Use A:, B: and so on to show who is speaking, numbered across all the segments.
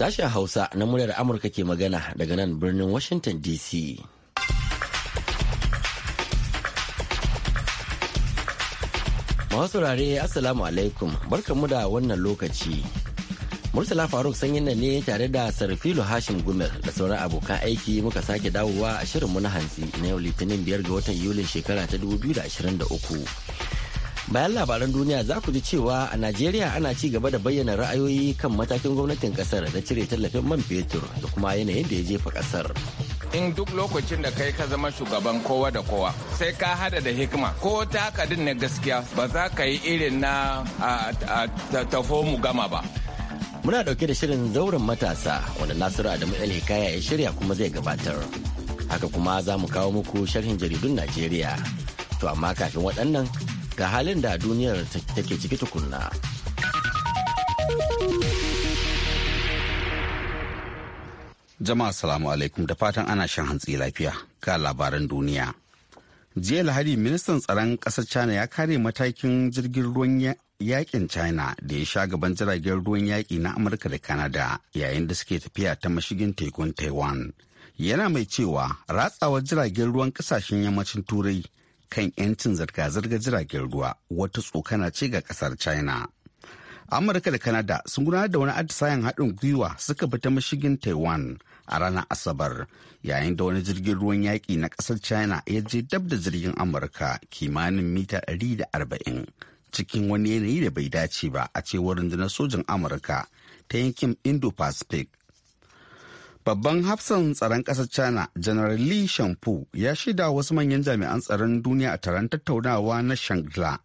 A: Sashen Hausa na muryar Amurka ke magana daga nan birnin Washington DC. Masu rare Assalamu alaikum barkanmu da wannan lokaci. Murtala Faruk sanyin nan ne tare da Sarfilu Hashim Gumel da sauran abokan aiki muka sake dawowa a shirinmu na hantsi na yau Litinin biyar ga watan Yulin shekara ta 2023. bayan labaran duniya za ku ji cewa a najeriya ana ci gaba da bayyana ra'ayoyi kan matakin gwamnatin kasar da cire tallafin man fetur da kuma yanayin da ya jefa kasar
B: in
C: duk lokacin da kai ka zama shugaban kowa da kowa sai ka hada da hikima ko ta na gaskiya ba za ka yi irin na tafo mu gama ba
A: muna dauke da shirin zauren matasa wanda nasiru adamu el hikaya ya shirya kuma zai gabatar haka kuma za mu kawo muku sharhin jaridun najeriya to amma kafin waɗannan
D: ga halin da duniyar take ciki tukunna. Jama'a salamu alaikum da fatan ana shan hantsi lafiya ga labaran duniya. Jiya Lahadi ministan tsaron ƙasar China ya kare matakin jirgin ruwan yakin China da ya sha gaban jiragen ruwan yaƙi na Amurka da Canada yayin da suke tafiya ta mashigin tekun Taiwan. Yana mai cewa ratsawar jiragen ruwan ƙasashen yammacin Turai kan 'yancin zirga zirga jiragen ruwa wata tsokana ce ga kasar china amurka da Kanada sun gudanar da wani atisayen haɗin gwiwa suka bi ta mashigin taiwan a ranar asabar yayin da wani jirgin ruwan yaƙi na ƙasar china ya je dab da jirgin amurka kimanin mita 140 cikin wani yanayi da bai dace ba a cewar rundunar sojin amurka ta yankin indo-pacific Babban hafsan tsaron ƙasar China, General Li Shangpu, ya shaida wasu manyan jami'an tsaron duniya a taron tattaunawa na Shangla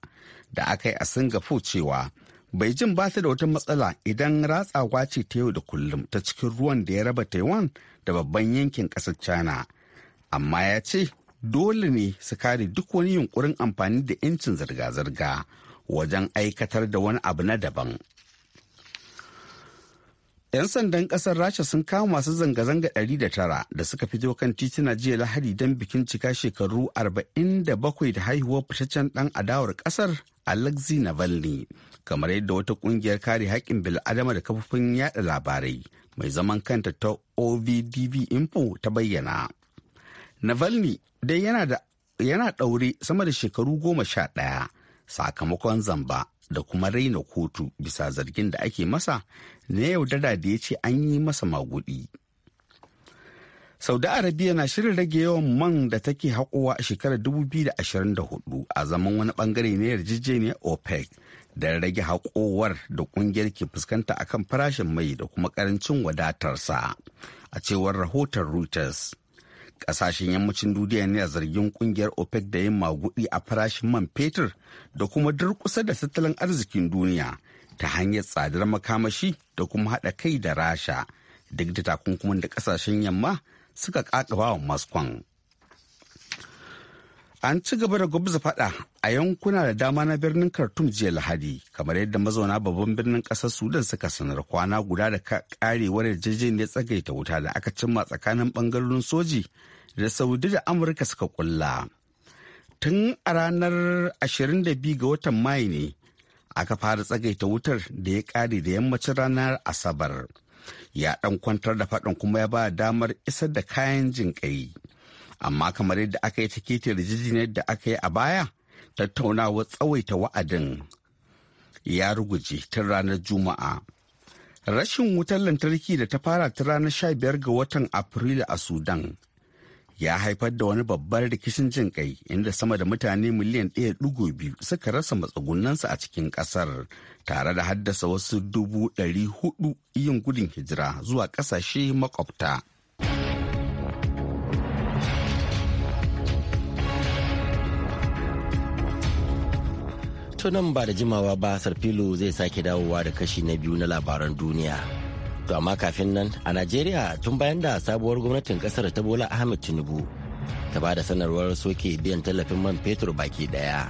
D: da aka yi a Singapore cewa Beijing ba ta da wata matsala idan ratsawa ce ta yau da kullum ta cikin ruwan da ya raba Taiwan da babban yankin ƙasar China. Amma ya ce dole ne su kare duk wani yunkurin amfani da 'yancin zirga-zirga wajen aikatar da wani abu na daban. 'Yan sandan ƙasar Rasha sun kama masu zanga-zanga 109 da suka fito kan tituna jiya Lahadi don bikin cika shekaru 47 da haihuwar fitaccen ɗan adawar ƙasar Alexei Navalny, kamar yadda wata ƙungiyar kare haƙƙin bil'adama da kafofin yada labarai mai zaman kanta ta OVDV Info ta bayyana. Navalny dai yana ɗaure sama da shekaru goma sha ɗaya sakamakon zamba da kuma raina kotu bisa zargin da ake masa na yaudara da ya ce an yi masa magudi. saudi arabiya na shirin rage yawan man da take haƙowa a shekarar 2024 a zaman wani bangare na yarjejeniyar opec da rage haƙowar da ƙungiyar ke fuskanta akan farashin mai da kuma ƙarancin wadatarsa a cewar rahoton reuters Ƙasashen yammacin duniya ne zargin kungiyar OPEC da yin magudi a farashin man fetur da kuma durkusa da tattalin arzikin duniya ta hanyar tsadar makamashi da kuma haɗa kai da rasha duk da takunkumin da ƙasashen yamma suka ƙaƙaba wa Moscow. an ci gaba da gwabza fada a yankuna da dama na birnin khartoum jiya lahadi kamar yadda mazauna babban birnin ƙasar sudan suka sanar kwana guda da karewar ya tsagaita wuta da aka cimma tsakanin bangarorin soji da saudi da amurka suka kulla tun a ranar 22 ga watan Mayu ne aka fara tsagaita wutar da ya kare da yammacin ranar asabar ya ɗan kwantar da faɗin kuma ya ba damar isar da kayan jinƙai. amma kamar yadda aka yi ta keta yarjejeniyar da aka yi a baya tattaunawa tsawaita wa'adin ya ruguje tun ranar juma'a rashin wutar lantarki da ta fara ta ranar 15 ga watan afrilu a sudan ya haifar da wani babban rikicin jin kai inda sama da mutane miliyan 1.2 suka rasa matsugunansu a cikin kasar tare da haddasa wasu dubu 400 yin gudun hijira zuwa kasashe makwabta.
A: To ba da jimawa ba Sarfilu zai sake dawowa da kashi na biyu na labaran duniya. To amma kafin nan a Najeriya tun bayan da sabuwar gwamnatin kasar ta Bola Ahmed Tinubu ta ba da sanarwar soke biyan tallafin man fetur baki daya.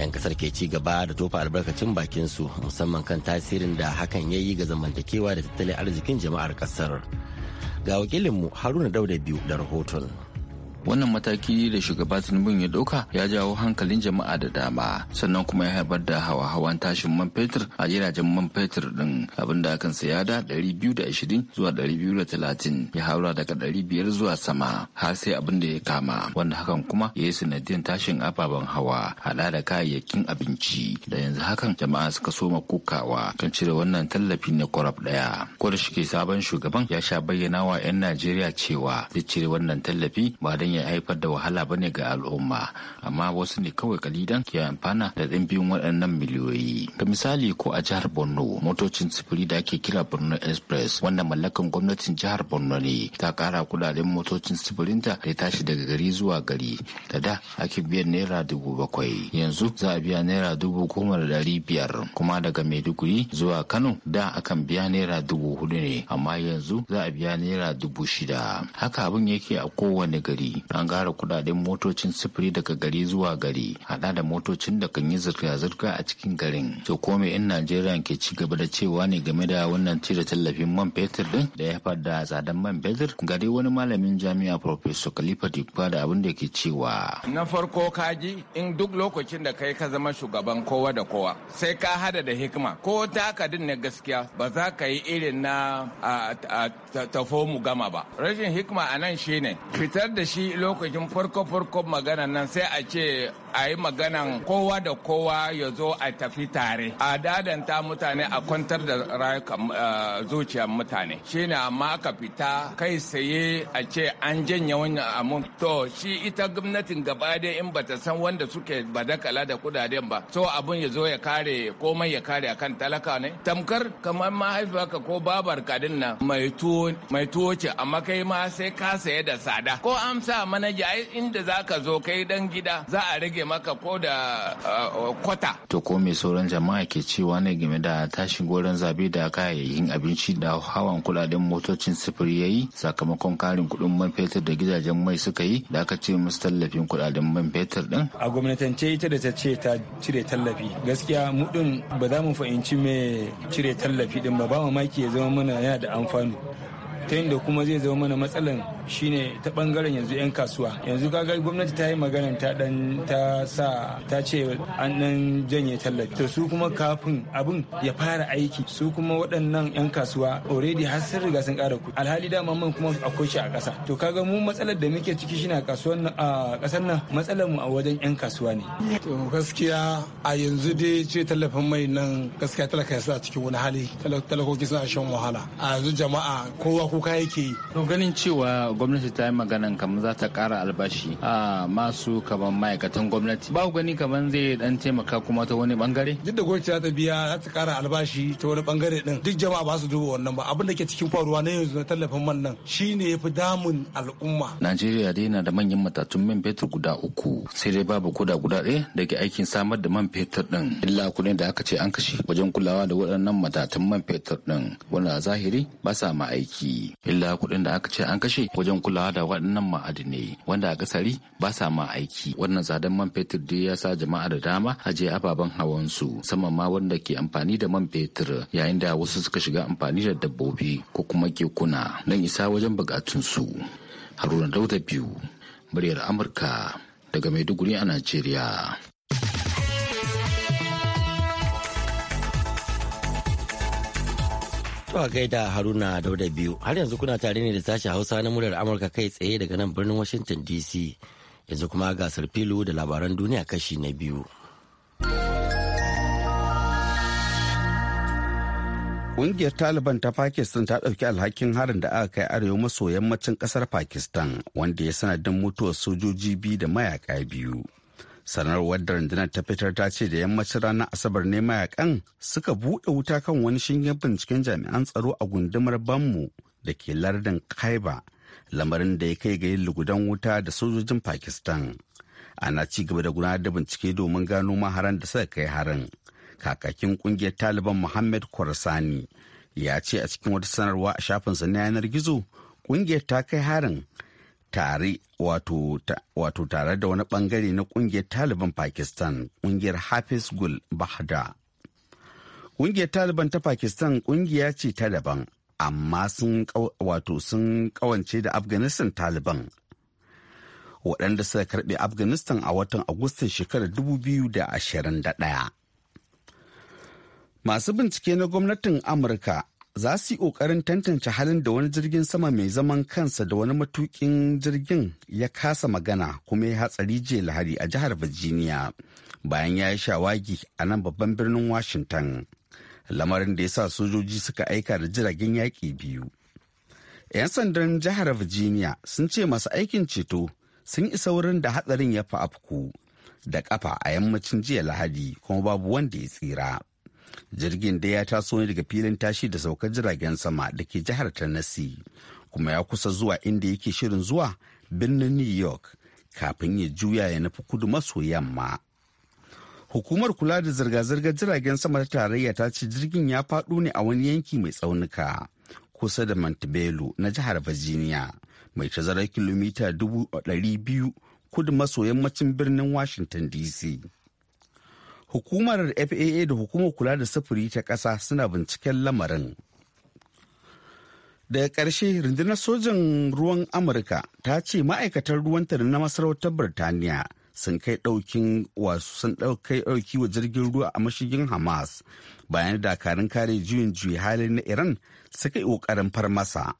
A: 'Yan kasar ke ci gaba da tofa albarkacin bakinsu musamman kan tasirin da hakan ya yi ga zamantakewa
E: da tattalin arzikin jama'ar kasar. Ga wakilinmu Haruna Dauda biyu da rahoton. wannan mataki da shugaba tinubu ya dauka ya jawo hankalin jama'a da dama sannan kuma ya haifar da hawa-hawan tashin man fetur a jiragen man fetur din da akan saya da 220 zuwa talatin ya haura daga biyar zuwa sama har sai abin da ya kama wanda hakan kuma ya yi sanadiyar tashin ababen hawa hada da kayayyakin abinci da yanzu hakan jama'a suka soma kukawa kan cire wannan tallafi na kwarab daya ko da ke sabon shugaban ya sha bayyana wa 'yan najeriya cewa zai cire wannan tallafi ba don ya haifar da wahala ba ne ga al'umma amma wasu ne kawai kalidan ke amfana da dimbin waɗannan miliyoyi ga misali ko a jihar borno motocin sufuri da ake kira borno express wanda mallakan gwamnatin jihar borno ne ta kara kudaden motocin ta da ya tashi daga gari zuwa gari da da ake biyan naira dubu bakwai yanzu za a biya naira dubu goma da ɗari biyar kuma daga maiduguri zuwa kano da akan biya naira dubu hudu ne amma yanzu za a biya naira dubu shida haka abin yake a kowane gari an gara kudaden motocin sufuri daga gari zuwa gari haɗa da motocin da kan yi zirga-zirga a cikin garin to ko 'yan najeriya ke ci gaba da cewa ne game da wannan cire tallafin man fetur din da ya fada tsadan man fetur gari wani malamin jami'a professor khalifa dikwa da abin da ke cewa
C: na farko kaji in duk lokacin da kai ka zama shugaban kowa da kowa sai ka hada da hikima ko takadin na gaskiya ba za ka yi irin na tafo mu gama ba rashin hikima a nan shine fitar da shi lokacin farko-farko magana nan sai a ce a yi maganan kowa da kowa ya zo a tafi tare a dadanta mutane a kwantar da rayukan eh, zuciyar mutane ne amma aka fita kai saye a ce an janye wani amun to shi ita gwamnatin gaba da in bata san wanda suke badakala da kudaden ba so abun ya zo ya kare komai ya kare akan talaka ne tamkar kamar mahaifiyarka ko babar kadin nan mai tuwo ce amma kai ma sai ka saye da tsada ko amsa sa manaja ai inda za ka zo kai dan gida za a rage maka ko da kwata.
E: To ko mai sauran jama'a ke cewa ne game da tashin goron zabe da kayayyakin abinci da hawan kudaden motocin sifiri ya yi sakamakon karin kudin man fetur da gidajen mai suka yi da aka ce musu tallafin kudaden man fetur din. A gwamnatance ita da ta ce ta cire tallafi gaskiya mu din ba za mu fahimci mai cire tallafi din ba ba mamaki ya zama mana yana da amfani ta da kuma zai zama mana matsalan shine ta bangaren yanzu 'yan kasuwa yanzu kaga gwamnati ta yi magana ta dan ta sa ta ce an
C: dan janye tallafi to su kuma kafin abin ya fara aiki su kuma waɗannan 'yan kasuwa already har sun riga sun ƙara kuɗi alhali dama mamman kuma akwai shi a ƙasa to kaga mu matsalar da muke ciki shine a ƙasar nan matsalar mu a wajen 'yan kasuwa ne to gaskiya a yanzu dai ce tallafin mai nan gaskiya talaka ya sa cikin wani hali talakoki suna shan wahala a yanzu jama'a
E: kowa kuka yake yi. To ganin cewa gwamnati ta yi maganan kamar za ta kara albashi a masu kamar ma'aikatan gwamnati. Ba gani kamar zai dan taimaka kuma ta wani bangare?
C: Duk da gwamnati za ta biya za ta kara albashi ta wani bangare din. Duk jama'a ba su duba wannan ba. Abin da ke cikin faruwa na yanzu na tallafin man nan shine yafi damun al'umma.
E: Najeriya dai na da manyan matatun man fetur guda uku. Sai dai babu koda guda ɗaya da ke aikin samar da man fetur din. Illa kuɗin da aka ce an kashe wajen kulawa da waɗannan matatun man fetur din. Wanda zahiri ba sa ma aiki. yi illa kuɗin da aka ce an kashe wajen kulawa da waɗannan ma'adinai wanda a kasari ba sa ma aiki wannan zadan man fetur dai ya sa jama'a da dama a je ababen hawan su Saman ma wanda ke amfani da man fetur yayin da wasu suka shiga amfani da dabbobi ko kuma kekuna don isa wajen bukatun su haruna dauda biyu muryar amurka daga maiduguri a najeriya To
A: gaida Haruna Dauda biyu har yanzu kuna tare ne da sashi Hausa na murar Amurka kai tsaye daga nan birnin Washington DC yanzu kuma gasar filu da labaran duniya kashi na biyu.
D: Ƙungiyar Taliban ta Pakistan ta ɗauki alhakin harin da aka kai arewa maso yammacin ƙasar Pakistan wanda ya sanadin mutuwar sojoji biyu da mayaka biyu. sanarwar da rundunar ta fitar ta ce da yammacin ranar asabar ne mayakan suka buɗe wuta kan wani shingen binciken jami'an tsaro a gundumar banmu da ke lardin kaiba lamarin da ya kai ga yin lugudan wuta da sojojin pakistan ana ci gaba da gudanar da bincike domin gano maharan da suka kai harin kakakin kungiyar taliban muhammad kwarsani ya ce a cikin wata sanarwa a shafinsa na yanar gizo kungiyar ta kai harin tare wato tare da wani bangare na kungiyar taliban pakistan kungiyar Gul bahda kungiyar taliban ta pakistan kungiya ce ta daban amma sun wato sun kawance da afghanistan taliban waɗanda suka karɓe afghanistan a watan agustan shekarar 2021 masu bincike na gwamnatin amurka za su yi ƙoƙarin tantance halin da wani jirgin sama mai zaman kansa da wani matukin jirgin ya kasa magana kuma ya hatsari jiya lahari a jihar virginia bayan ya yi shawagi a nan babban birnin washington lamarin da ya sa sojoji suka aika da jiragen yaƙi biyu 'yan sandan jihar virginia sun ce masu aikin ceto sun isa wurin da hatsarin ya fi afku da kafa a yammacin jiya lahadi kuma babu wanda ya tsira. jirgin da ya taso ne daga filin tashi da saukar jiragen sama da ke jihar tennessee kuma ya kusa zuwa inda yake shirin zuwa birnin new york kafin ya juya ya nufi kudu maso yamma hukumar kula da zirga-zirgar jiragen sama ta tarayya ta ce jirgin ya faɗo ne a wani yanki mai tsaunuka kusa da montebello na jihar virginia mai tazarar kilomita 200 kudu maso yammacin birnin washington dc hukumar faa da hukumar kula da sufuri ta ƙasa suna binciken lamarin daga ƙarshe rundunar sojan ruwan amurka ta ce ma'aikatar ruwanta na masarautar birtaniya sun kai ɗaukin wasu sun ɗauki wa jirgin ruwa a mashigin hamas bayan dakarun kare juyin juyi halin na iran suka yi ƙoƙarin far masa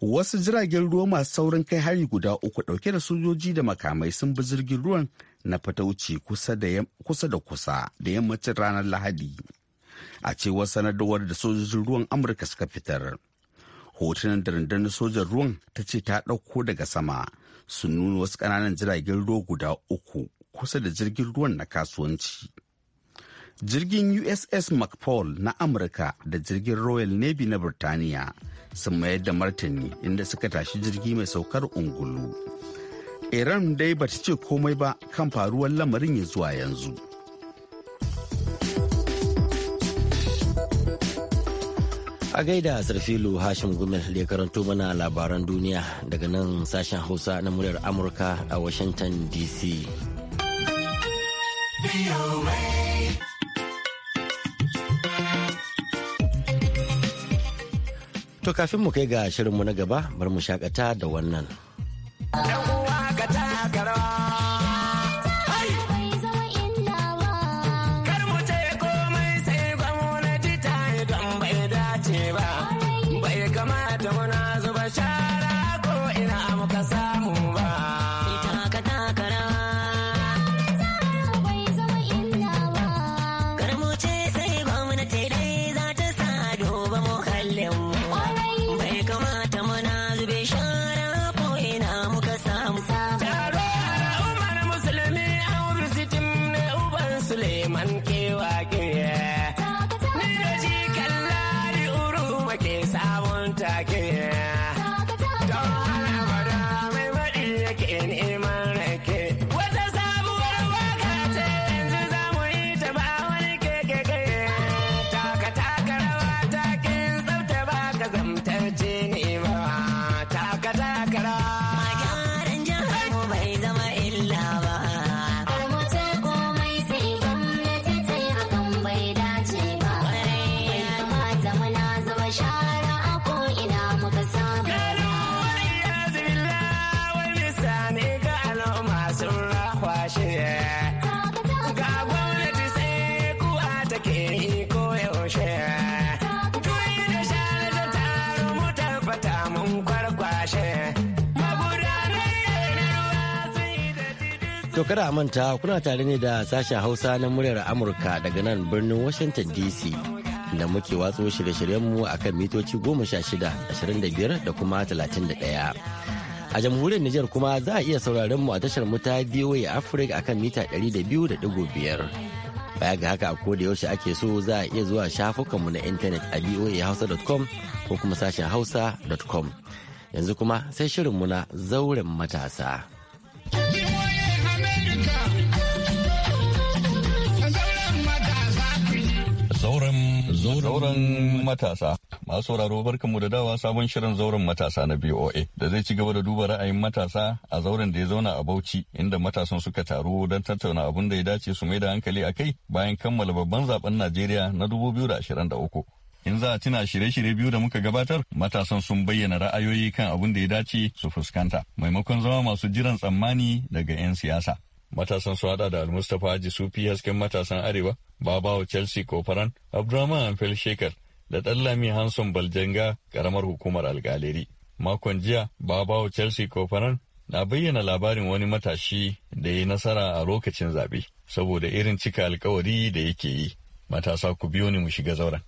D: wasu jiragen ruwa masu saurin kai hari guda uku ɗauke da sojoji da makamai sun bi jirgin ruwan na fatauci kusa da kusa da yammacin ranar lahadi a cewar sanarwar da sojojin ruwan amurka suka fitar hotunan da rundunar sojan ruwan ta ce ta ɗauko daga sama sun nuna wasu ƙananan jiragen ruwa guda uku kusa da jirgin ruwan na kasuwanci jirgin uss mcpaul na amurka da jirgin royal navy na birtaniya sun mayar da martani inda suka tashi jirgi mai saukar ungulu iran dai ba ta ce komai ba kan faruwar lamarin ya zuwa yanzu a
A: gaida sarfilu hashim gumel da ya karanto mana labaran duniya daga nan sashen hausa na muryar amurka a washington dc To kafin mu kai ga shirinmu na gaba, bar mu shakata da wannan. can't. To kada a manta kuna tare ne da sashen Hausa na muryar Amurka daga nan birnin Washington DC da muke watso shirye-shiryenmu a kan mitoci 16, 25 da kuma 31. A jamhuriyar Nijar kuma za a iya sauraron mu a tashar muta ta VOA Africa a kan mita 200.5. Baya ga haka a koda yaushe ake so za a iya zuwa shafukanmu na intanet a voahausa.com ko kuma sashen hausa.com. Yanzu kuma sai shirinmu na zauren matasa.
B: Zauren matasa. Masu sauraro mu da dawa sabon shirin zauren matasa na BOA da zai ci gaba da duba ra'ayin matasa a zauren da ya zauna a Bauchi inda matasan suka taru don tattauna abin da ya dace su mai da hankali a kai bayan kammala babban zaben Najeriya na 2023. In za a tuna shirye-shirye biyu da muka gabatar, matasan sun bayyana ra'ayoyi kan abin da ya dace su fuskanta, maimakon zama masu jiran tsammani daga 'yan siyasa. Matasan su hada da Almustapha Haji Sufi hasken matasan Arewa, babawa chelsea kofaran abdurrahman amfel shekar da Dallami hanson baljanga karamar hukumar alkaleri makon jiya babawa chelsea kofaran na bayyana labarin wani matashi da ya nasara a lokacin zaɓe saboda irin cika alkawari da yake yi matasa ku biyo ne mu shiga zauren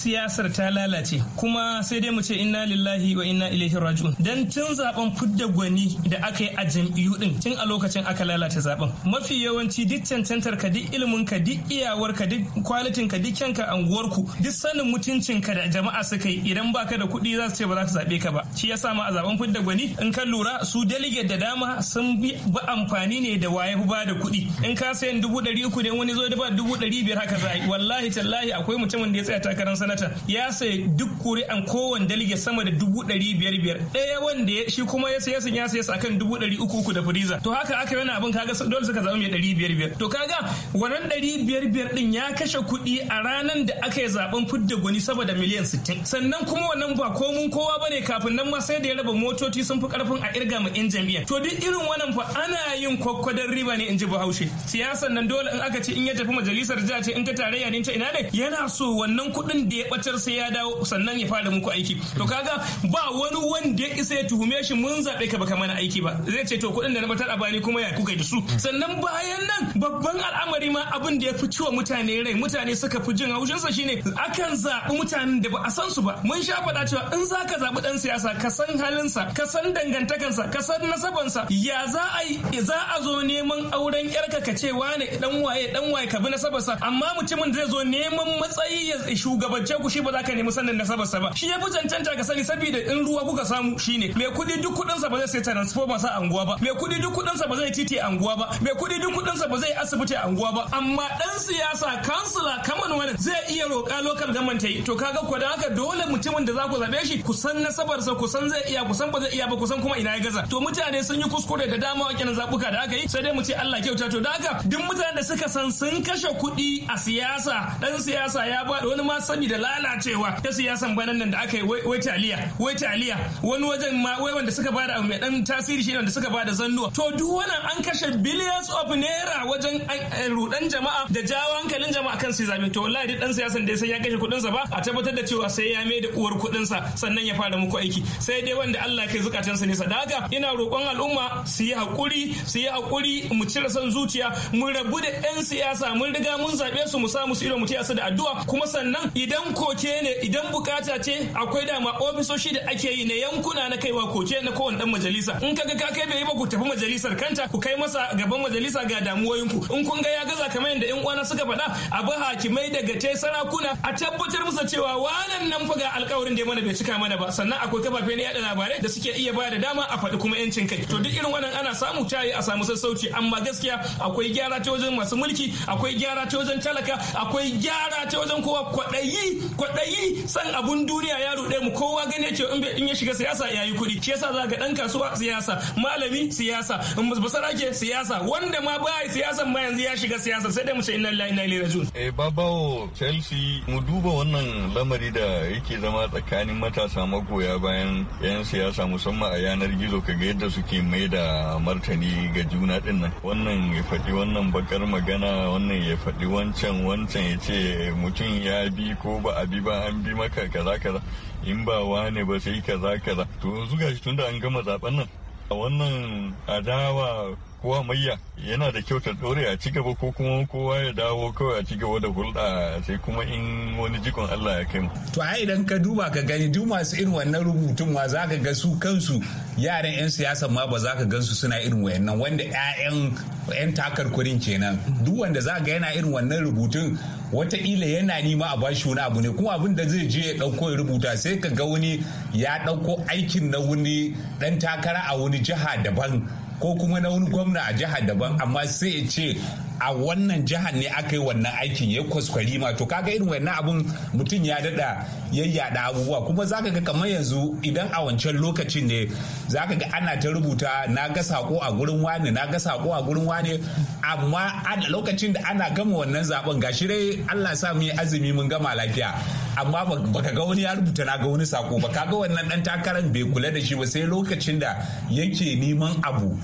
F: siyasar ta lalace kuma sai dai mu ce inna lillahi wa inna ilaihi raji'un dan tun zaben fudda gwani da aka yi a jam'iyyu din tun a lokacin aka lalata zaben mafi yawanci duk cancantar ka duk ilimin ka duk iyawar ka duk kwalitin ka duk kyanka anguwar ku duk sanin mutuncin ka da jama'a suka yi idan baka da kuɗi za su ce ba za su zabe ka ba shi yasa ma a zaben fudda gwani in ka lura su delegate da dama sun bi amfani ne da waye ba da kuɗi in ka sayan dubu ɗari uku ne wani zo da ba dubu ɗari biyar haka za a yi wallahi tallahi akwai mutumin da ya tsaya takarar sanata ya sayi duk kuri'an kowane dalige sama da dubu ɗari biyar biyar ɗaya wanda ya shi kuma ya sayi ya sayi akan dubu ɗari uku uku da firiza to haka aka yana abin kaga dole suka zaɓi mai ɗari biyar biyar to kaga wannan ɗari biyar biyar ɗin ya kashe kuɗi a ranar da aka yi zaɓen fidda gwani saboda miliyan sittin sannan kuma wannan ba komun kowa bane kafin nan ma sai da ya raba motoci sun fi karfin a irga mu in jam'iyyar to duk irin wannan fa ana yin kwakwadon riba ne in ji bahaushe siyasan nan dole in aka ce in ya tafi majalisar jihar ce in ta tarayya ne ta ina ne yana so wannan kuɗin da ya batar sai ya dawo sannan ya fara muku aiki to kaga ba wani wanda ya isa ya tuhume shi mun zabe ka baka mana aiki ba zai ce to kuɗin da na batar a bani kuma ya kuka da su sannan bayan nan babban al'amari ma abin da ya fi ciwo mutane rai mutane suka fi jin haushinsa shine akan zaɓi mutanen da ba a san su ba mun sha faɗa cewa in za ka zaɓi ɗan siyasa ka san halinsa ka san dangantakansa ka san nasabansa ya za a yi za a zo neman auren yarka ka ce wane dan waye dan waye ka bi nasabarsa amma mutumin da zai zo neman matsayi ya shugabanci zalunce ku shi ba za ka nemi nasabarsa ba shi ya fi cancanta ka sani saboda in ruwa kuka samu ne mai kuɗi duk kuɗinsa ba zai sai transformer sa anguwa ba mai kuɗi duk kuɗinsa ba zai titi anguwa ba mai kuɗi duk kuɗinsa ba zai asibiti anguwa ba amma dan siyasa kansila kaman wani zai iya roƙa lokal gaman ta yi to kaga ko da haka dole mutumin da za ku zabe shi kusan na nasabarsa kusan zai iya kusan ba zai iya ba kusan kuma ina ya gaza to mutane sun yi kuskure da dama wa kenan zabuka da aka yi sai dai mu ce Allah kyauta to da haka duk mutanen da suka san sun kashe kuɗi a siyasa dan siyasa ya ba wani ma sani da lalacewa ta siyasan banan nan da aka yi wai taliya wai taliya wani wajen ma wai wanda suka bada abu mai dan tasiri shi wanda suka bada zannuwa to duk wannan an kashe billions of naira wajen eh, eh, rudan jama'a da jawo hankalin jama'a kan su zabe to wallahi dan siyasan da sai ya kashe kudin sa ba a tabbatar da cewa sai ya mai da uwar kudin sa sannan ya fara muku aiki sai dai wanda Allah ke zukatan sa ne sadaka ina roƙon al'umma su yi hakuri su yi hakuri mu cire son zuciya mu rabu da yan siyasa mun riga mun zabe su mu samu su ido mu tiyasa da addu'a kuma sannan idan koke ne idan bukata ce akwai dama ofisoshi da ake yi na yankuna na kaiwa koke na kowane dan majalisa in kaga ka kai bai ba ku tafi majalisar kanta ku kai masa gaban majalisa ga damuwoyinku in kun ga ya gaza kamar yadda yan uwana suka faɗa a bi hakimai daga te sarakuna a tabbatar musu cewa wannan nan fa ga alkawarin da mana bai cika mana ba sannan akwai kafafe na yada labarai da suke iya bada dama a faɗi kuma yancin kai to duk irin wannan ana samu tayi a samu sassauci amma gaskiya akwai gyara ta wajen masu mulki akwai gyara ta wajen talaka akwai gyara ta wajen kowa kwaɗayi kwaɗayi san abun duniya ya ruɗe mu kowa gani ce in ya shiga siyasa ya yi kuɗi shi yasa za ga ɗan kasuwa siyasa malami siyasa basarake siyasa wanda ma ba siyasan ma yanzu ya shiga siyasa sai dai mu ce inna lillahi inna ilaihi rajiun
B: eh babawo chelsea mu
F: duba wannan
B: lamari da yake zama tsakanin matasa magoya bayan yan siyasa musamman a yanar gizo ka ga yadda suke mai da martani ga juna din nan wannan ya faɗi wannan bakar magana wannan ya faɗi wancan wancan ya ce mutum ya bi ko ba ba a bi ba an bi maka kaza kaza in ba wane ba sai kaza kaza to yanzu gashi tunda an gama zaben nan a wannan adawa kowa mayya yana da kyau ta dore a cigaba ko kuma kowa ya dawo kawai a cigaba da hulɗa sai kuma in wani jikon Allah
G: ya kai mu. To ai idan ka duba ka gani duk masu irin wannan rubutun ma za ka ga su kansu yaran 'yan siyasa ma ba za ka gansu suna irin wayannan wanda 'ya'yan 'yan takarkurin kenan duk wanda za ga yana irin wannan rubutun wataƙila yana nima a bashi wani abu ne kuma abin da zai je ya ɗauko ya rubuta sai ka ga wani ya ɗauko aikin na wani ɗan takara a wani jiha daban ko kuma na wani gwamna a jihar daban amma sai ya ce a wannan jihar ne aka yi wannan aikin ya kwaskwari ma to kaga irin wannan abun mutum ya dada yayyada abubuwa kuma zaka ga kamar yanzu idan a wancan lokacin ne zaka ga ana ta rubuta na ga sako a gurin wani na ga sako a gurin wani amma a lokacin da ana gama wannan zaben gashi dai Allah sa mu yi azumi mun gama lafiya amma baka ga wani ya rubuta na ga wani sako ba kaga wannan dan takarar bai kula da shi ba sai lokacin da yake neman abu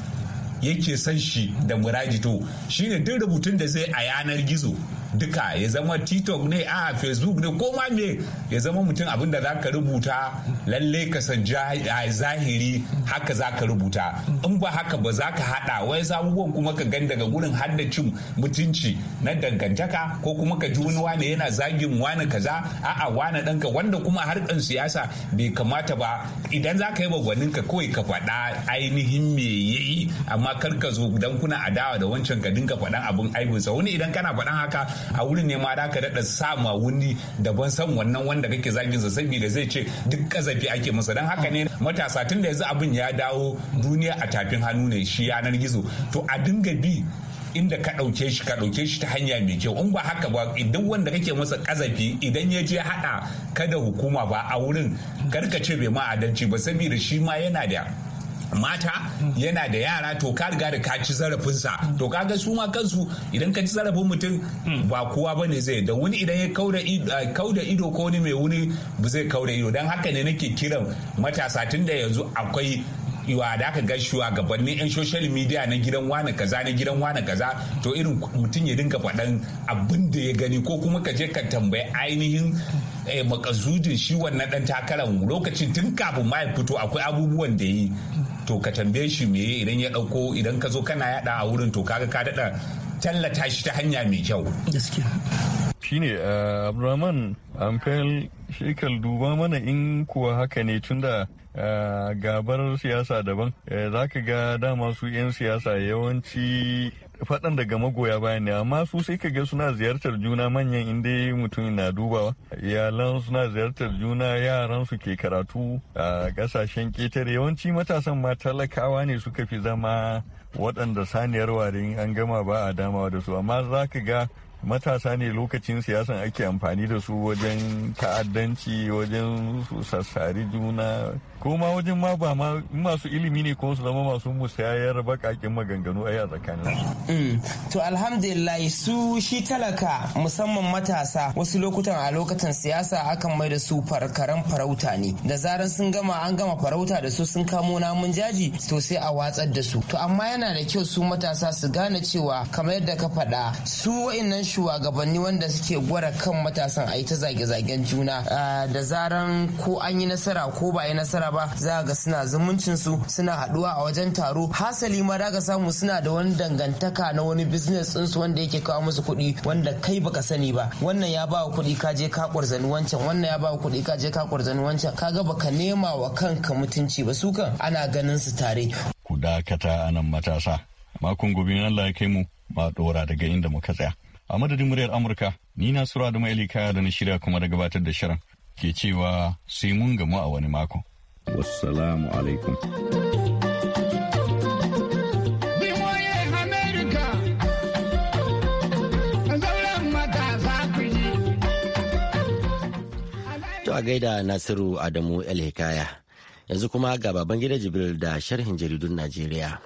G: yake son shi da muradi to shine duk rubutun da zai a yanar gizo duka ya zama tiktok ne a facebook ne ko ma ya zama mutum abin da zaka rubuta lalle ka san zahiri haka zaka rubuta in ba haka ba zaka hada wai abubuwan kuma ka gan daga gurin haddacin mutunci na dangantaka ko kuma ka ji wani wane yana zagin wani kaza a'a wani danka wanda kuma harkan siyasa bai kamata ba idan zaka yi bagwanin ka kawai ka faɗa ainihin me yayi amma kar ka zo dan kuna adawa da wancan ka dinga faɗan abin aibinsa wani idan kana faɗan haka a wurin ne ma da ka daɗa ma wuni daban san wannan wanda kake zagin sa saboda zai ce duk kazafi ake masa dan haka ne matasa tun da yanzu abin ya dawo duniya a tafin hannu ne shi yanar gizo to a dinga bi inda ka ɗauke shi ka ɗauke shi ta hanya mai kyau in ba haka ba idan wanda kake masa kazafi idan ya je haɗa kada hukuma ba a wurin karkace bai ma adalci ba saboda shi ma yana da mata yana da yara to ka riga da ka ci zarafinsa to kaga su ma kansu idan ka ci zarafin mutum ba kowa ba ne zai da wani idan ya kauda ido ko wani mai wuni zai kauda ido don haka ne nake kiran matasa tun da yanzu akwai iwa da aka gashuwa shugabannin 'yan social media na gidan wani kaza na gidan wani kaza to irin mutum ya dinka faɗan abin da ya gani ko kuma ka je ka tambayi ainihin eh, makazudin shi wannan dan takarar lokacin tun kafin ma ya fito akwai abubuwan da yi to ka tambaye shi me idan ya ɗauko idan ka zo kana yaɗa a wurin to kaga ka daɗa tallata shi ta hanya mai kyau
B: shine eh, abdulrahman amfel Shekar duba mana in kuwa haka ne tun da eh, gabar siyasa daban eh, za ka ga dama su 'yan siyasa yawanci faɗan daga magoya bayan ne amma su sai ka ga suna ziyartar juna manyan inda mutum na dubawa iyalan suna ziyartar juna yaran su ke karatu a ƙasashen ƙetare yawanci matasan ma talakawa ne suka fi zama waɗanda saniyar ware an gama ba a dama da su amma za ka ga matasa ne lokacin siyasan ake amfani da su wajen ta'addanci wajen su sassari juna ko ma wajen ma ba masu ilimi ne ko su zama masu musayar bakakin maganganu a tsakanin
E: mm. to alhamdulillah su shi talaka musamman matasa wasu lokutan a lokacin siyasa akan mai da su farkaran farauta ne da zarar sun gama an gama farauta da su sun kamo namun jaji to sai a watsar da su to amma yana da kyau su matasa su gane cewa kamar yadda ka faɗa su wa'innan shugabanni wanda suke gwara kan matasan a yi ta zage-zagen juna ah, da zaran ko an yi nasara ko ba yi nasara magana ba za ga suna zumuncin su suna haduwa a wajen taro hasali ma da ka samu suna da wani dangantaka na wani business din su wanda yake kawo musu kuɗi wanda kai baka sani ba wannan ya ba kuɗi ka je ka kwarzani wancan wannan ya ba kuɗi ka je ka kwarzani wancan kaga baka nema wa kanka mutunci ba su kan ana ganin
B: su tare ku dakata anan matasa makon gobe nan Allah ya kai mu ma dora daga inda muka tsaya a madadin muryar Amurka ni na sura da mai kaya da na shirya kuma da gabatar da shirin ke cewa sai mun gamu a wani mako. wassalamu alaikum
A: To a gaida Nasiru Adamu El Hikaya, yanzu kuma ga baban gida Jibril da sharhin jaridun Najeriya.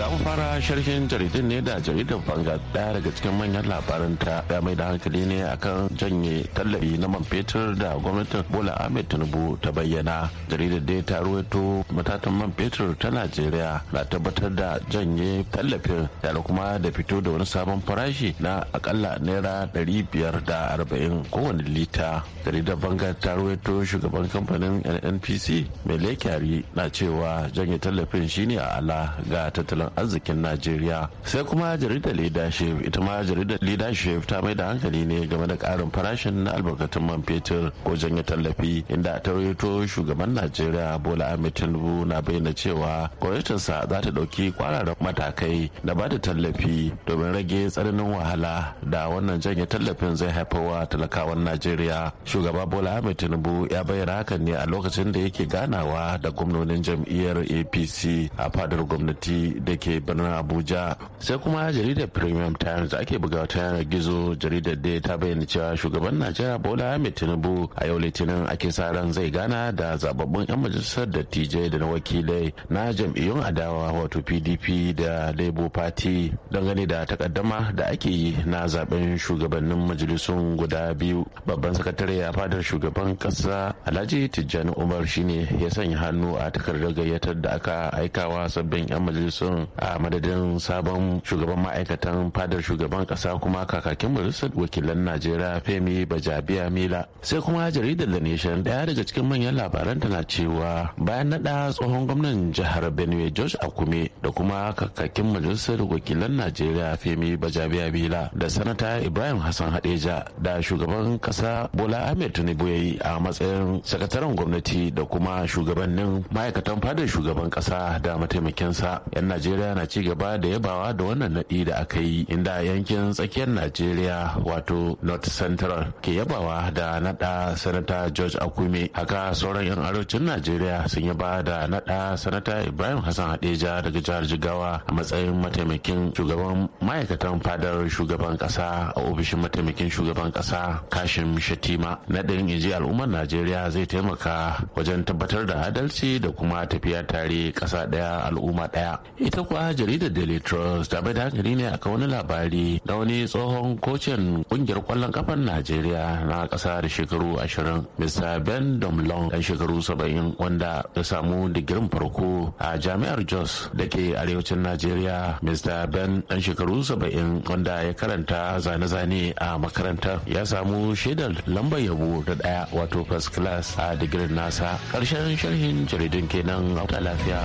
H: Za mu fara sharhin jaridun ne da jaridar banga daya daga cikin manyan labaran ta ya mai da hankali ne akan janye tallafi na man fetur da gwamnatin Bola Ahmed Tinubu ta bayyana. Jaridar dai ta ruwaito matatan man fetur ta Najeriya na tabbatar da janye tallafin yana kuma da fito da wani sabon farashi na akalla naira dari biyar da arba'in kowane lita. Jaridar banga ta ruwaito shugaban kamfanin NNPC mai lekyari na cewa janye tallafin shine a ala ga tattalin arzikin najeriya sai kuma jaridar leadership ita ma jaridar leadership ta mai da hankali ne game da karin farashin na albarkatun man fetur ko janye tallafi inda ta rawaito shugaban najeriya bola ahmed tinubu na bayyana cewa gwamnatinsa za ta ɗauki kwararar matakai da ba da tallafi domin rage tsananin wahala da wannan janye tallafin zai haifarwa talakawan najeriya shugaba bola ahmed tinubu ya bayyana hakan ne a lokacin da yake ganawa da gwamnonin jam'iyyar apc a fadar gwamnati da ke birnin abuja sai kuma jaridar premium times ake buga wata yanar gizo jaridar da ta bayyana cewa shugaban najeriya bola ahmed tinubu a yau litinin ake sa ran zai gana da zababbun yan majalisar dattijai da na wakilai na jam'iyyun adawa wato pdp da labour party dangane da takaddama da ake yi na zaben shugabannin majalisun guda biyu babban sakatare a fadar shugaban kasa alhaji tijjani umar shine ya sanya hannu a takardar gayyatar da aka aikawa sabbin yan majalisun a madadin sabon shugaban ma'aikatan fadar shugaban kasa kuma kakakin majalisar wakilan najeriya femi bajabiya mila sai kuma jaridar the nation daya daga cikin manyan labaran tana cewa bayan naɗa tsohon gwamnan jihar benue george akume da kuma kakakin majalisar wakilan najeriya femi bajabiya mila da sanata ibrahim hassan hadeja da shugaban kasa bola ahmed tinubu ya yi a matsayin sakataren gwamnati da kuma shugabannin ma'aikatan fadar shugaban kasa da mataimakinsa yan najeriya najeriya na ci gaba da yabawa da wannan naɗi da aka yi inda yankin tsakiyar najeriya wato north central ke yabawa da naɗa sanata george akume haka sauran yan arewacin najeriya sun yaba da naɗa sanata ibrahim hassan hadeja daga jihar jigawa a matsayin mataimakin shugaban ma'aikatan fadar shugaban Kasa, a ofishin mataimakin shugaban Kasa, kashim shatima naɗin inji al'ummar najeriya zai taimaka wajen tabbatar da adalci da kuma tafiya tare kasa ɗaya al'umma ɗaya ita ita kuwa jaridar daily trust ta bai da hankali ne akan wani labari da wani tsohon kocin kungiyar kwallon kafan najeriya na kasa da shekaru ashirin mr ben domlong dan shekaru saba'in wanda ya samu digirin farko a jami'ar jos da ke arewacin najeriya mr ben dan shekaru saba'in wanda ya karanta zane-zane a makarantar ya samu shaidar lambar yabo da daya wato first class a digirin nasa karshen sharhin jaridun kenan a lafiya.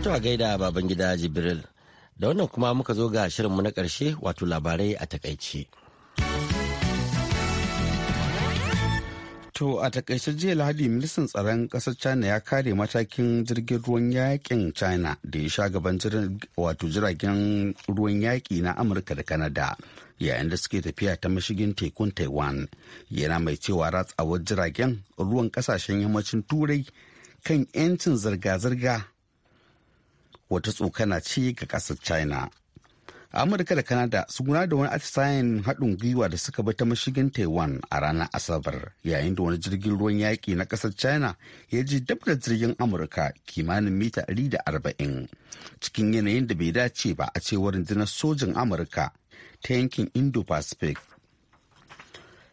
A: To a gaida baban gida Jibril. Da wannan kuma muka zo ga shirinmu na ƙarshe wato labarai a
D: takaice. To a takaice jiya Lahadi ministan tsaron ƙasar China ya kare matakin jirgin ruwan yakin China da ya sha gaban wato jiragen ruwan yaƙi na Amurka da Kanada yayin da suke tafiya ta mashigin tekun Taiwan yana mai cewa ratsawar jiragen ruwan ƙasashen yammacin Turai kan 'yancin zirga-zirga wata tsokana ce ga ƙasar china amurka da kanada sun gudanar da wani atisayen haɗin gwiwa da suka bi ta mashigin taiwan a ranar asabar yayin da wani jirgin ruwan yaƙi na ƙasar china ya ji dab da jirgin amurka kimanin mita 140 cikin yanayin da bai dace ba a cewar rundunar sojin amurka ta yankin indo-pacific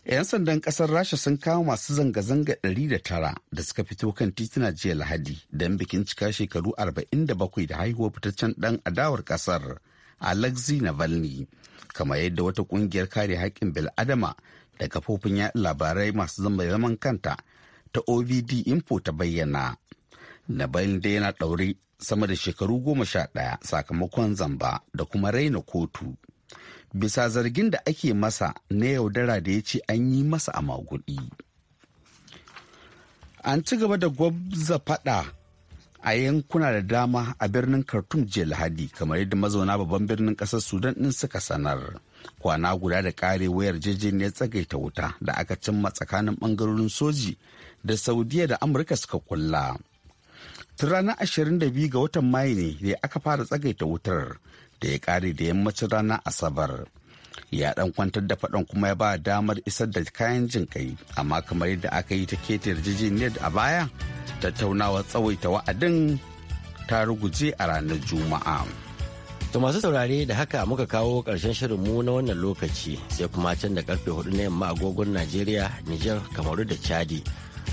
D: 'Yan sandan kasar Rasha sun kawo masu zanga-zanga 109 da suka fito kan tituna jiya Lahadi don bikin cika shekaru 47 da haihuwar fitaccen ɗan adawar kasar Alexei Navalny, kama yadda wata kungiyar kare haƙƙin bil'adama da kafofin yaɗa labarai masu zaman kanta ta OVD Info ta bayyana. na Navalny da yana ɗaure sama da shekaru goma sha ɗaya sakamakon zamba da kuma raina kotu. bisa zargin da ake masa na yaudara da ya ce an yi masa a maguɗi. An ci gaba da gwabza faɗa a yankuna da dama a birnin Khartoum jiya Lahadi kamar yadda mazauna babban birnin ƙasar Sudan ɗin suka sanar. Kwana guda da ƙare wayar jejeniyar tsagaita wuta da aka cimma tsakanin ɓangarorin soji da Saudiya da Amurka suka kulla. Tun ranar 22 ga watan Mayu ne aka fara tsagaita wutar da ya kare da yammacin ranar asabar ya dan kwantar da faɗan kuma ya ba damar isar da kayan jin kai amma kamar yadda aka yi ta keta yarjejeniyar a baya tattaunawa tsawaita wa'adin ta ruguje a ranar juma'a to masu saurare da haka muka kawo karshen shirin mu na wannan
A: lokaci sai kuma can da karfe hudu na yamma agogon najeriya niger kamaru da chadi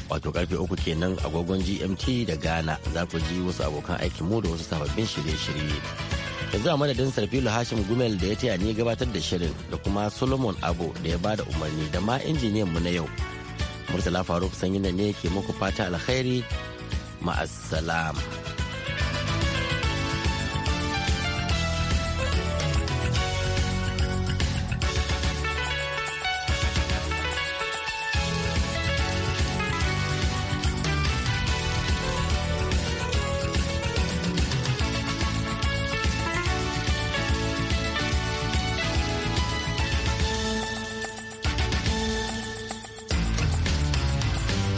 A: wato karfe uku kenan agogon gmt da ghana za ku ji wasu abokan aikin mu da wasu sababbin shirye-shirye yanzu a madadin sarfilu hashim gumel da ya taya ni gabatar da shirin da kuma solomon abu da ya bada umarni da ma injiniyan mu na yau murtala faruk sanyi ne ke muku fata alkhairi ma'assalam.